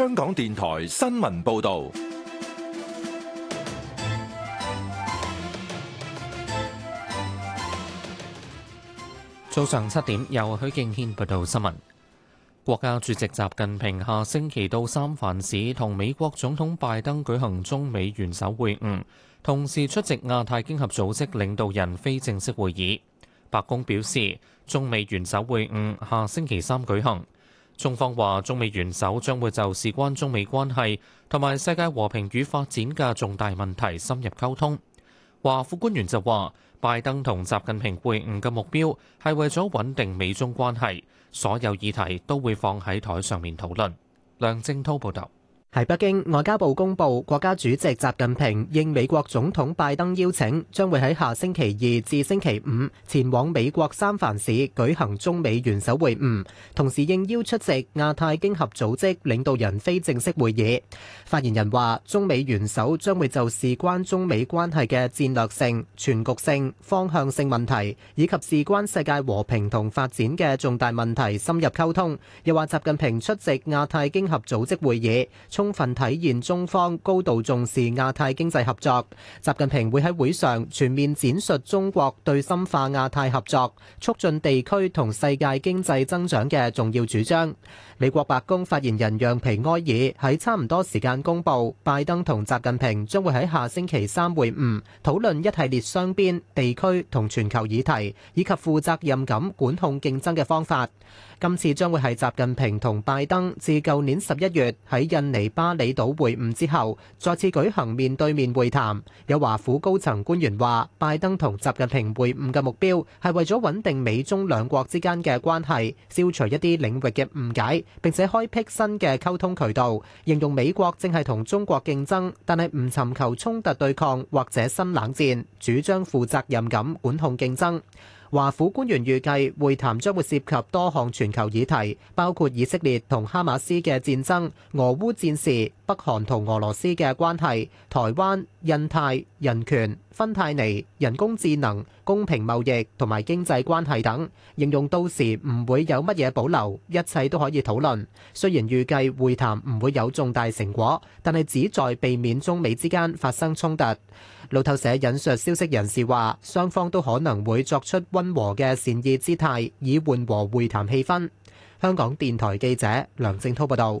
香港電台新聞報道，早上七點由許敬軒報道新聞。國家主席習近平下星期到三藩市同美國總統拜登舉行中美元首會晤，同時出席亞太經合組織領導人非正式會議。白宮表示，中美元首會晤下星期三舉行。中方話，中美元首將會就事關中美關係同埋世界和平與發展嘅重大問題深入溝通。華府官員就話，拜登同習近平會晤嘅目標係為咗穩定美中關係，所有議題都會放喺台上面討論。梁正滔報道。喺北京，外交部公布，國家主席習近平應美國總統拜登邀請，將會喺下星期二至星期五前往美國三藩市舉行中美元首會晤，同時應邀出席亞太經合組織領導人非正式會議。發言人話，中美元首將會就事關中美關係嘅戰略性、全局性、方向性問題，以及事關世界和平同發展嘅重大問題深入溝通。又話，習近平出席亞太經合組織會議。充分體現中方高度重視亞太經濟合作。習近平會喺會上全面展述中國對深化亞太合作、促進地區同世界經濟增長嘅重要主張。美國白宮發言人讓皮埃爾喺差唔多時間公佈，拜登同習近平將會喺下星期三會晤，討論一系列雙邊、地區同全球議題，以及負責任感管控競爭嘅方法。今次將會係習近平同拜登自舊年十一月喺印尼。巴厘島會晤之後，再次舉行面對面會談。有華府高層官員話，拜登同習近平會晤嘅目標係為咗穩定美中兩國之間嘅關係，消除一啲領域嘅誤解，並且開闢新嘅溝通渠道。形容美國正係同中國競爭，但係唔尋求衝突對抗或者新冷戰，主張負責任咁管控競爭。華府官員預計會談將會涉及多項全球議題，包括以色列同哈馬斯嘅戰爭、俄烏戰事、北韓同俄羅斯嘅關係、台灣、印太、人權、芬太尼、人工智能、公平貿易同埋經濟關係等，應用到時唔會有乜嘢保留，一切都可以討論。雖然預計會談唔會有重大成果，但係只在避免中美之間發生衝突。路透社引述消息人士話，雙方都可能會作出温和嘅善意姿態，以緩和會談氣氛。香港電台記者梁正滔報道。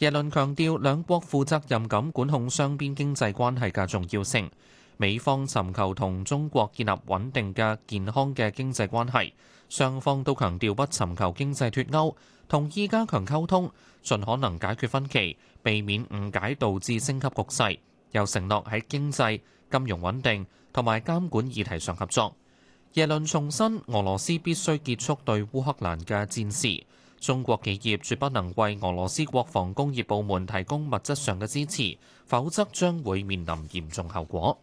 耶倫強調兩國負責任噉管控雙邊經濟關係嘅重要性，美方尋求同中國建立穩定嘅健康嘅經濟關係，雙方都強調不尋求經濟脫鉤，同意加強溝通，盡可能解決分歧，避免誤解導致升級局勢，又承諾喺經濟、金融穩定同埋監管議題上合作。耶倫重申俄羅斯必須結束對烏克蘭嘅戰事。中國企業絕不能為俄羅斯國防工業部門提供物質上嘅支持，否則將會面臨嚴重後果。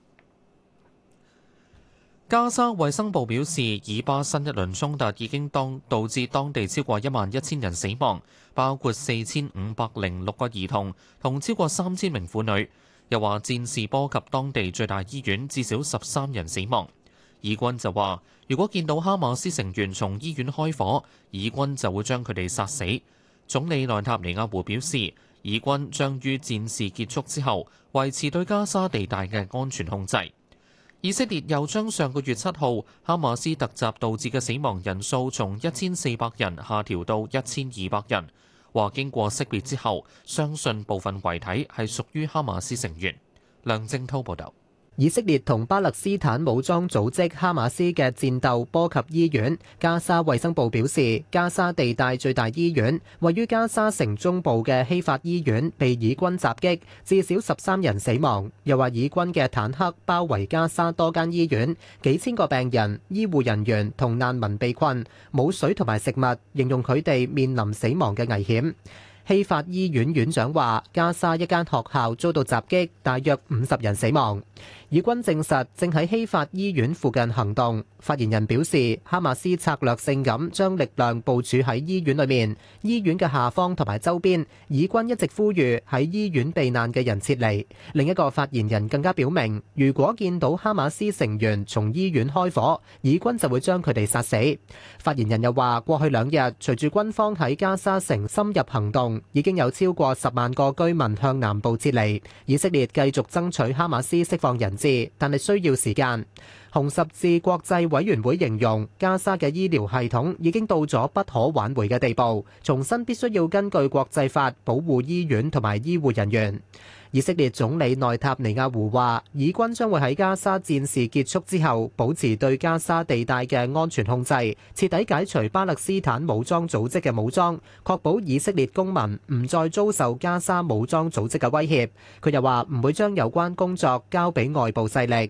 加沙衞生部表示，以巴新一輪衝突已經當導致當地超過一萬一千人死亡，包括四千五百零六個兒童同超過三千名婦女。又話戰事波及當地最大醫院，至少十三人死亡。以軍就話，如果見到哈馬斯成員從醫院開火，以軍就會將佢哋殺死。總理內塔尼亞胡表示，以軍將於戰事結束之後維持對加沙地帶嘅安全控制。以色列又將上個月七號哈馬斯突襲導致嘅死亡人數從一千四百人下調到一千二百人，話經過識別之後，相信部分遺體係屬於哈馬斯成員。梁正滔報道。以色列同巴勒斯坦武裝組織哈馬斯嘅戰鬥波及醫院。加沙衛生部表示，加沙地帶最大醫院位於加沙城中部嘅希法醫院被以軍襲擊，至少十三人死亡。又話以軍嘅坦克包圍加沙多間醫院，幾千個病人、醫護人員同難民被困，冇水同埋食物，形容佢哋面臨死亡嘅危險。希法醫院院長話，加沙一間學校遭到襲擊，大約五十人死亡。以軍證實正喺希法醫院附近行動。發言人表示，哈馬斯策略性咁將力量部署喺醫院裏面，醫院嘅下方同埋周邊。以軍一直呼籲喺醫院避難嘅人撤離。另一個發言人更加表明，如果見到哈馬斯成員從醫院開火，以軍就會將佢哋殺死。發言人又話，過去兩日，隨住軍方喺加沙城深入行動。已經有超過十萬個居民向南部撤離。以色列繼續爭取哈馬斯釋放人質，但係需要時間。紅十字國際委員會形容加沙嘅醫療系統已經到咗不可挽回嘅地步，重新必須要根據國際法保護醫院同埋醫護人員。以色列總理內塔尼亞胡話，以軍將會喺加沙戰事結束之後，保持對加沙地帶嘅安全控制，徹底解除巴勒斯坦武裝組織嘅武裝，確保以色列公民唔再遭受加沙武裝組織嘅威脅。佢又話唔會將有關工作交畀外部勢力。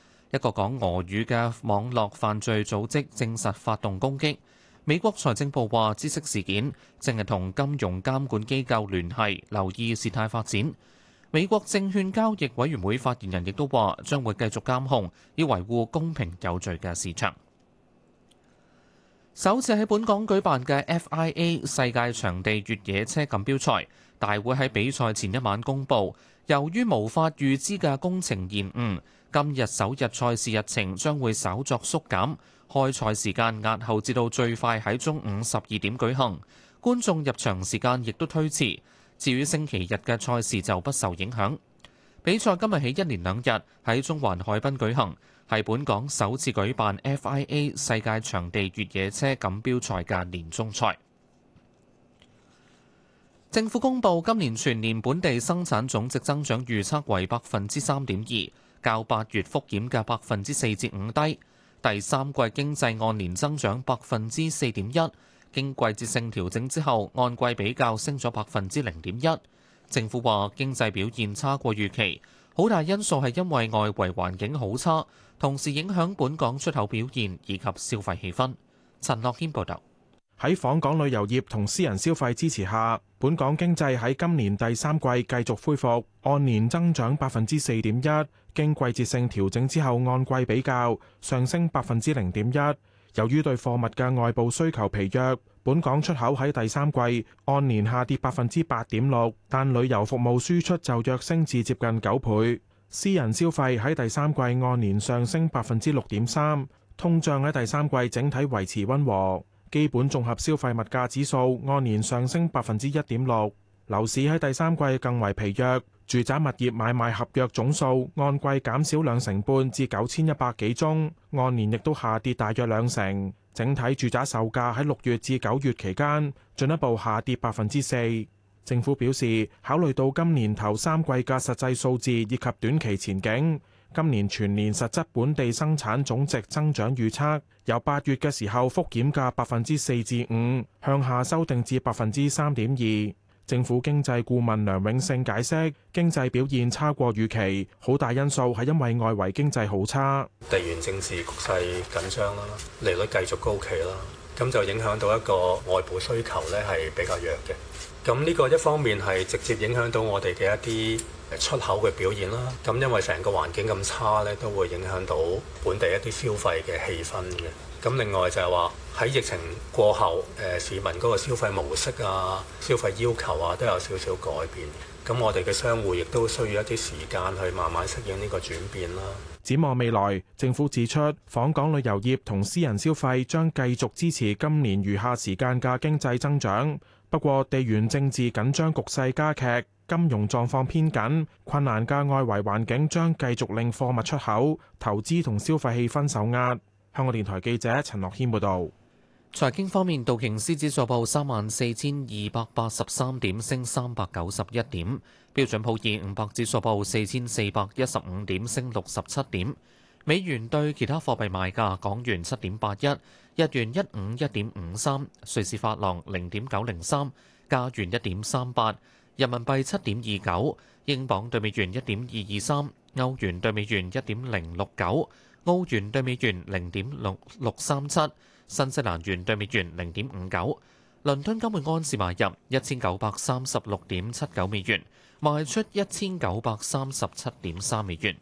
一個講俄語嘅網絡犯罪組織證實發動攻擊。美國財政部話：知識事件正係同金融監管機構聯繫，留意事態發展。美國證券交易委員會發言人亦都話將會繼續監控，以維護公平有序嘅市場。首次喺本港舉辦嘅 FIA 世界場地越野車錦標賽大會喺比賽前一晚公佈，由於無法預知嘅工程延誤，今日首日賽事日程將會稍作縮減，開賽時間押後至到最快喺中午十二點舉行，觀眾入場時間亦都推遲。至於星期日嘅賽事就不受影響。比賽今日起一連兩日喺中環海濱舉行，係本港首次舉辦 FIA 世界場地越野車錦標賽嘅年終賽。政府公布今年全年本地生產總值增長預測為百分之三點二。較八月覆檢嘅百分之四至五低，第三季經濟按年增長百分之四點一，經季節性調整之後，按季比較升咗百分之零點一。政府話經濟表現差過預期，好大因素係因為外圍環境好差，同時影響本港出口表現以及消費氣氛。陳樂謙報道。喺訪港旅遊業同私人消費支持下，本港經濟喺今年第三季繼續恢復，按年增長百分之四點一，經季節性調整之後，按季比較上升百分之零點一。由於對貨物嘅外部需求疲弱，本港出口喺第三季按年下跌百分之八點六，但旅遊服務輸出就躍升至接近九倍。私人消費喺第三季按年上升百分之六點三，通脹喺第三季整體維持溫和。基本綜合消費物價指數按年上升百分之一點六，樓市喺第三季更為疲弱，住宅物業買賣合約總數按季減少兩成半至九千一百幾宗，按年亦都下跌大約兩成。整體住宅售價喺六月至九月期間進一步下跌百分之四。政府表示，考慮到今年頭三季嘅實際數字以及短期前景。今年全年實質本地生產總值增長預測，由八月嘅時候覆檢嘅百分之四至五，向下修訂至百分之三點二。政府經濟顧問梁永勝解釋，經濟表現差過預期，好大因素係因為外圍經濟好差，地緣政治局勢緊張啦，利率繼續高企啦。咁就影響到一個外部需求咧，係比較弱嘅。咁呢個一方面係直接影響到我哋嘅一啲出口嘅表現啦。咁因為成個環境咁差咧，都會影響到本地一啲消費嘅氣氛嘅。咁另外就係話，喺疫情過後，誒、呃、市民嗰個消費模式啊、消費要求啊，都有少少改變。咁，我哋嘅商戶亦都需要一啲時間去慢慢適應呢個轉變啦。展望未來，政府指出，訪港旅遊業同私人消費將繼續支持今年餘下時間嘅經濟增長。不過，地緣政治緊張局勢加劇，金融狀況偏緊，困難嘅外圍環境將繼續令貨物出口、投資同消費氣氛受壓。香港電台記者陳樂謙報道。財經方面，道瓊斯指數報三萬四千二百八十三點，升三百九十一點；標準普爾五百指數報四千四百一十五點，升六十七點。美元對其他貨幣賣價，港元七點八一，日元一五一點五三，瑞士法郎零點九零三，加元一點三八，人民幣七點二九，英鎊對美元一點二二三，歐元對美元一點零六九，澳元對美元零點六六三七。新西蘭元對美元零點五九，倫敦金會安士買入一千九百三十六點七九美元，賣出一千九百三十七點三美元。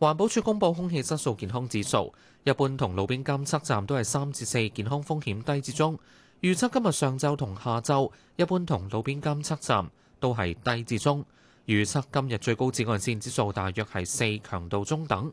環保署公布空氣質素健康指數，一般同路邊監測站都係三至四，健康風險低至中。預測今日上晝同下晝，一般同路邊監測站都係低至中。預測今日最高紫外線指數大約係四，強度中等。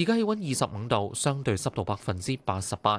而家氣溫二十五度，相對濕度百分之八十八。